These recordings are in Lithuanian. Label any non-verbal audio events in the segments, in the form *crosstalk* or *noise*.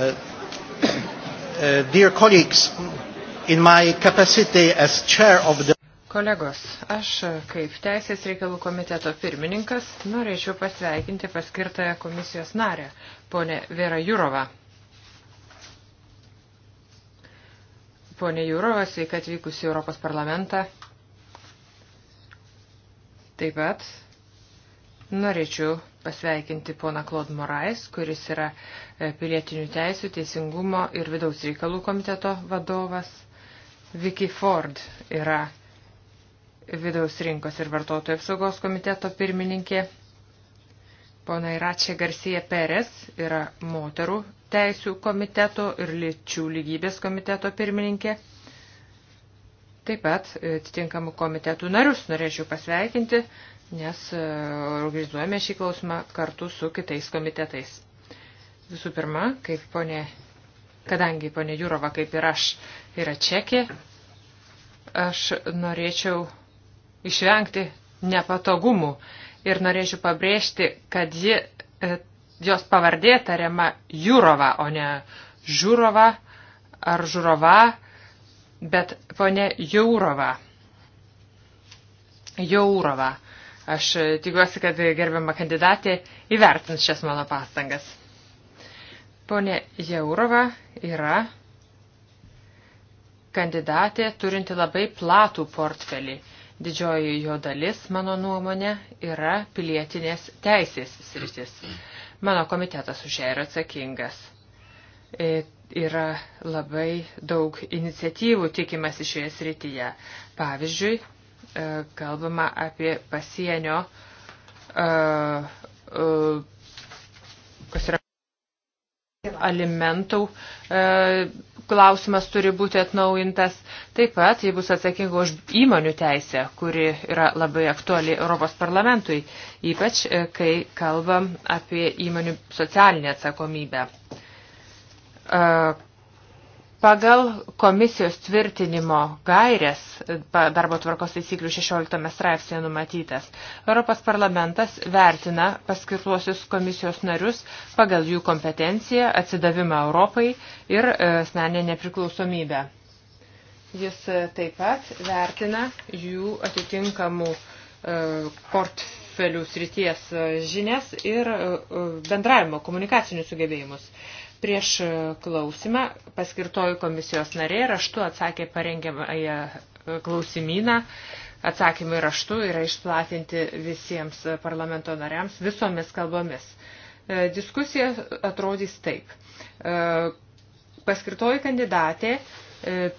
Uh, *coughs* uh, dear colleagues, in my capacity as chair of the Kolegos, aš uh, kaip Teisės reikalų komiteto pirmininkas norėčiau pasveikinti paskirtąją komisijos narę, ponę Vera Jurova. Pone Jurova, sveika atvykusi Europos parlamentą. Taip pat Norėčiau pasveikinti poną Klod Morais, kuris yra e, pilietinių teisų, teisingumo ir vidaus reikalų komiteto vadovas. Vicky Ford yra vidaus rinkos ir vartotojų apsaugos komiteto pirmininkė. Pona Iračia Garcija Perez yra moterų teisų komiteto ir lyčių lygybės komiteto pirmininkė. Taip pat atitinkamų komitetų narius norėčiau pasveikinti, nes e, organizuojame šį klausimą kartu su kitais komitetais. Visų pirma, kaip ponė, kadangi ponė Jūrova, kaip ir aš, yra čekė, aš norėčiau išvengti nepatogumų ir norėčiau pabrėžti, kad ji, e, jos pavardė tariama Jūrova, o ne Žūrova ar Žurova Bet ponė Jaurova, Jaurova, aš tikiuosi, kad gerbiama kandidatė įvertins šias mano pastangas. Ponė Jaurova yra kandidatė turinti labai platų portfelį. Didžioji jo dalis, mano nuomonė, yra pilietinės teisės sritis. Mano komitetas už ją yra atsakingas. E, yra labai daug iniciatyvų tikimasi šioje srityje. Pavyzdžiui, e, kalbama apie pasienio, e, e, kas yra alimentų klausimas turi būti atnaujintas. Taip pat jie bus atsakinga už įmonių teisę, kuri yra labai aktuali Europos parlamentui, ypač kai kalbam apie įmonių socialinę atsakomybę. Uh, Pagal komisijos tvirtinimo gairės darbo tvarkos taisyklių 16 straipsnėje numatytas, Europos parlamentas vertina paskirtuosius komisijos narius pagal jų kompetenciją, atsidavimą Europai ir e, asmenę nepriklausomybę. Jis e, taip pat vertina jų atitinkamų e, portfelių srities žinias ir bendravimo komunikacinius sugebėjimus. Prieš e, klausimą paskirtoji komisijos narė raštu atsakė parengiamąją e, klausimyną. Atsakymai raštu yra išplatinti visiems parlamento nariams visomis kalbomis. E, diskusija atrodys taip. Paskirtoji kandidatė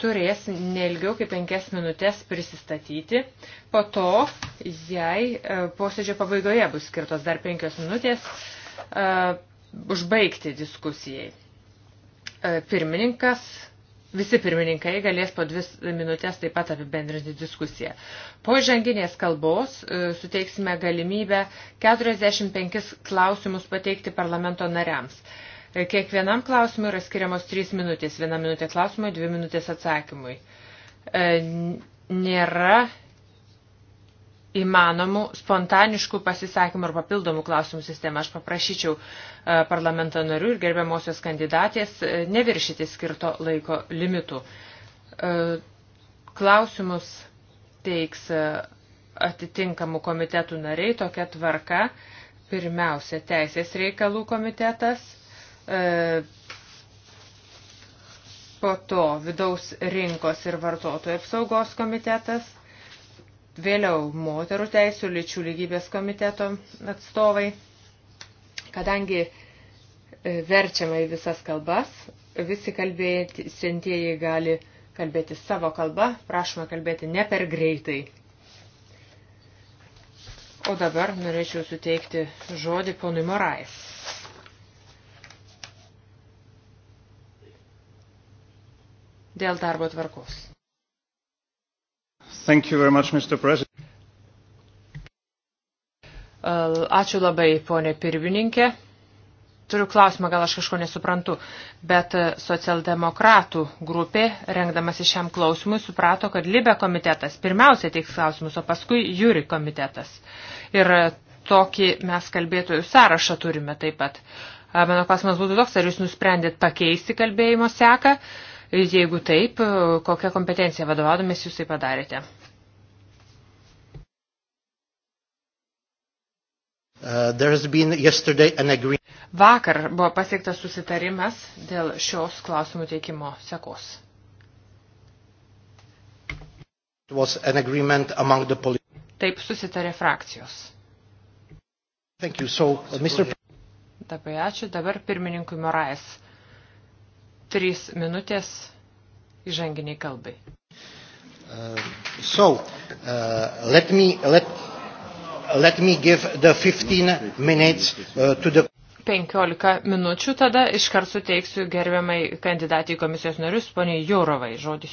turės nelgiau kaip penkias minutės prisistatyti. Po to, jei posėdžio pabaigoje bus skirtos dar penkios minutės, užbaigti diskusijai. E, pirmininkas, visi pirmininkai galės po dvi minutės taip pat apibendrinti diskusiją. Po žanginės kalbos e, suteiksime galimybę 45 klausimus pateikti parlamento nariams. E, kiekvienam klausimui yra skiriamos 3 minutės. Viena minutė klausimui, 2 minutės atsakymui. Nėra įmanomų spontaniškų pasisakymų ir papildomų klausimų sistemą. Aš paprašyčiau e, parlamento narių ir gerbiamosios kandidatės e, neviršyti skirto laiko limitų. E, klausimus teiks atitinkamų komitetų nariai tokia tvarka. Pirmiausia, teisės reikalų komitetas, po to vidaus rinkos ir vartotojų apsaugos komitetas, vėliau moterų teisų lyčių lygybės komiteto atstovai, kadangi e, verčiama į visas kalbas, visi kalbėti, sentieji gali kalbėti savo kalbą, prašoma kalbėti ne per greitai. O dabar norėčiau suteikti žodį ponui Morais. Dėl darbo tvarkos. Much, uh, Ačiū labai, ponė pirmininkė. Turiu klausimą, gal aš kažko nesuprantu, bet uh, socialdemokratų grupė, rengdamasi šiam klausimui, suprato, kad Libe komitetas pirmiausia teiks klausimus, o paskui Jūri komitetas. Ir uh, tokį mes kalbėtojų sąrašą turime taip pat. Mano klausimas būtų toks, ar jūs nusprendėt pakeisti kalbėjimo seką? Uh, Jeigu taip, kokią kompetenciją vadovaudomės jūs tai padarėte? Uh, Vakar buvo pasiektas susitarimas dėl šios klausimų teikimo sekos. Taip susitarė frakcijos. Thank you. So, uh, Mr. Dabar ačiū. Dabar pirmininkui Morais trys minutės įžanginiai kalbai. Uh, so, uh, let me, let, let me give the 15 minutes uh, to the 15 minučių tada iškart suteiksiu gerbiamai kandidatai komisijos narius, poniai Jūrovai, žodis